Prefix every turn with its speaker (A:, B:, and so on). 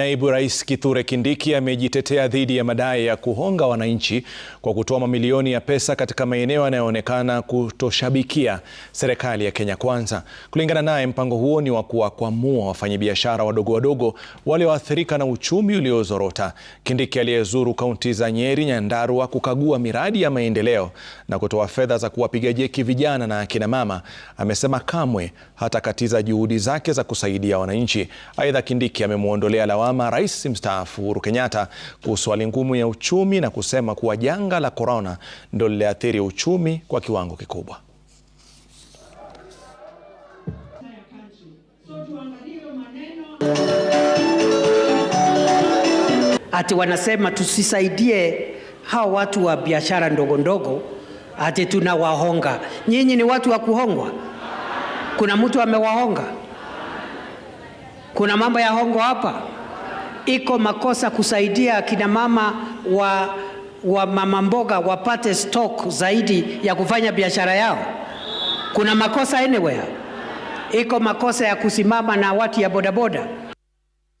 A: Naibu Rais Kithure Kindiki amejitetea dhidi ya madai ya kuhonga wananchi kwa kutoa mamilioni ya pesa katika maeneo yanayoonekana kutoshabikia serikali ya Kenya Kwanza. Kulingana naye, mpango huo ni wa kuwakwamua wafanyabiashara wadogo wadogo walioathirika na uchumi uliozorota. Kindiki aliyezuru kaunti za Nyeri, Nyandarua kukagua miradi ya maendeleo na kutoa fedha za kuwapiga jeki vijana na akina mama, amesema kamwe hatakatiza juhudi zake za kusaidia wananchi. Aidha, Kindiki amemwondolea lawama kumlawama rais mstaafu Uhuru Kenyatta kuhusu hali ngumu ya uchumi na kusema kuwa janga la korona ndio liliathiri uchumi kwa kiwango kikubwa.
B: Ati wanasema tusisaidie hao watu wa biashara ndogo ndogo, ati tunawahonga. Nyinyi ni watu wa kuhongwa? Kuna mtu amewahonga? Kuna mambo ya hongo hapa? iko makosa kusaidia kina mama wa, wa mama mboga wapate stock zaidi ya kufanya biashara yao? Kuna makosa anywhere? Iko makosa ya kusimama na watu ya bodaboda?